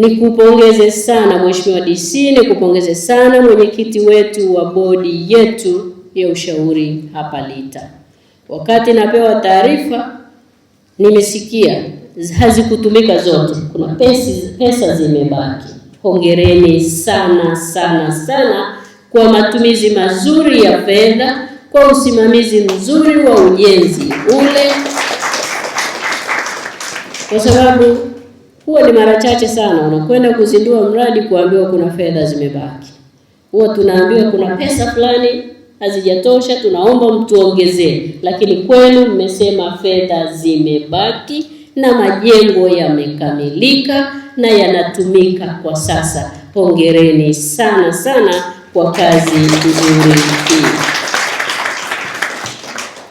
Nikupongeze sana Mheshimiwa DC, nikupongeze sana mwenyekiti wetu wa bodi yetu ya ushauri hapa Lita. Wakati napewa taarifa nimesikia hazikutumika zote, kuna pesi, pesa zimebaki. Hongereni sana sana sana kwa matumizi mazuri ya fedha, kwa usimamizi mzuri wa ujenzi ule, kwa sababu Huwa ni mara chache sana unakwenda kuzindua mradi kuambiwa kuna fedha zimebaki. Huwa tunaambiwa kuna pesa fulani hazijatosha, tunaomba mtuongezee, lakini kwenu mmesema fedha zimebaki na majengo yamekamilika na yanatumika kwa sasa. Hongereni sana sana kwa kazi nzuri hii.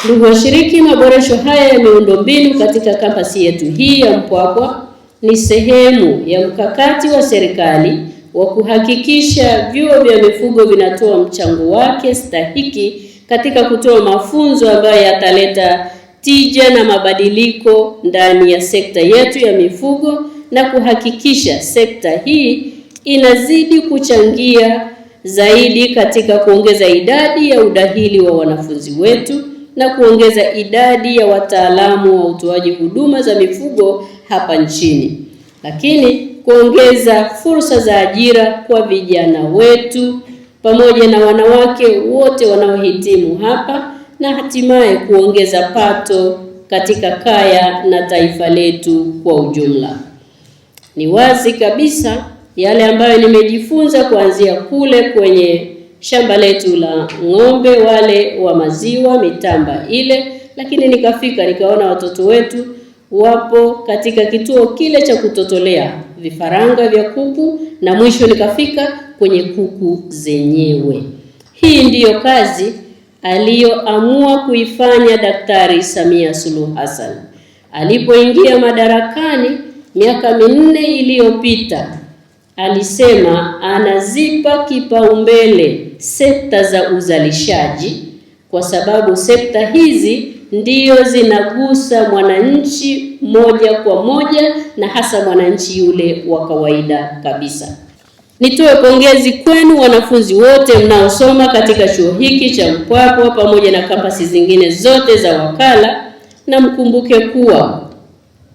Ndugu washiriki, maboresho haya ya miundombinu katika kampasi yetu hii ya Mpwapwa ni sehemu ya mkakati wa serikali wa kuhakikisha vyuo vya mifugo vinatoa mchango wake stahiki katika kutoa mafunzo ambayo yataleta tija na mabadiliko ndani ya sekta yetu ya mifugo na kuhakikisha sekta hii inazidi kuchangia zaidi katika kuongeza idadi ya udahili wa wanafunzi wetu na kuongeza idadi ya wataalamu wa utoaji huduma za mifugo hapa nchini, lakini kuongeza fursa za ajira kwa vijana wetu pamoja na wanawake wote wanaohitimu hapa na hatimaye kuongeza pato katika kaya na taifa letu kwa ujumla. Ni wazi kabisa yale ambayo nimejifunza kuanzia kule kwenye shamba letu la ng'ombe wale wa maziwa, mitamba ile, lakini nikafika nikaona watoto wetu wapo katika kituo kile cha kutotolea vifaranga vya kuku na mwisho nikafika kwenye kuku zenyewe. Hii ndiyo kazi aliyoamua kuifanya Daktari Samia Suluhu Hassan alipoingia madarakani miaka minne iliyopita. Alisema anazipa kipaumbele sekta za uzalishaji kwa sababu sekta hizi ndiyo zinagusa mwananchi moja kwa moja na hasa mwananchi yule wa kawaida kabisa. Nitoe pongezi kwenu wanafunzi wote mnaosoma katika chuo hiki cha Mpwapwa pamoja na kampasi zingine zote za wakala, na mkumbuke kuwa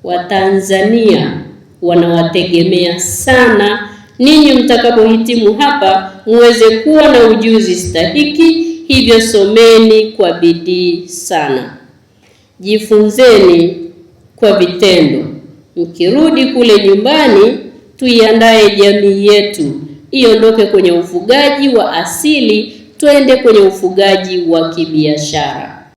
Watanzania wanawategemea sana ninyi. Mtakapohitimu hapa, muweze kuwa na ujuzi stahiki, hivyo someni kwa bidii sana jifunzeni kwa vitendo. Mkirudi kule nyumbani, tuiandae jamii yetu iondoke kwenye ufugaji wa asili, twende kwenye ufugaji wa kibiashara.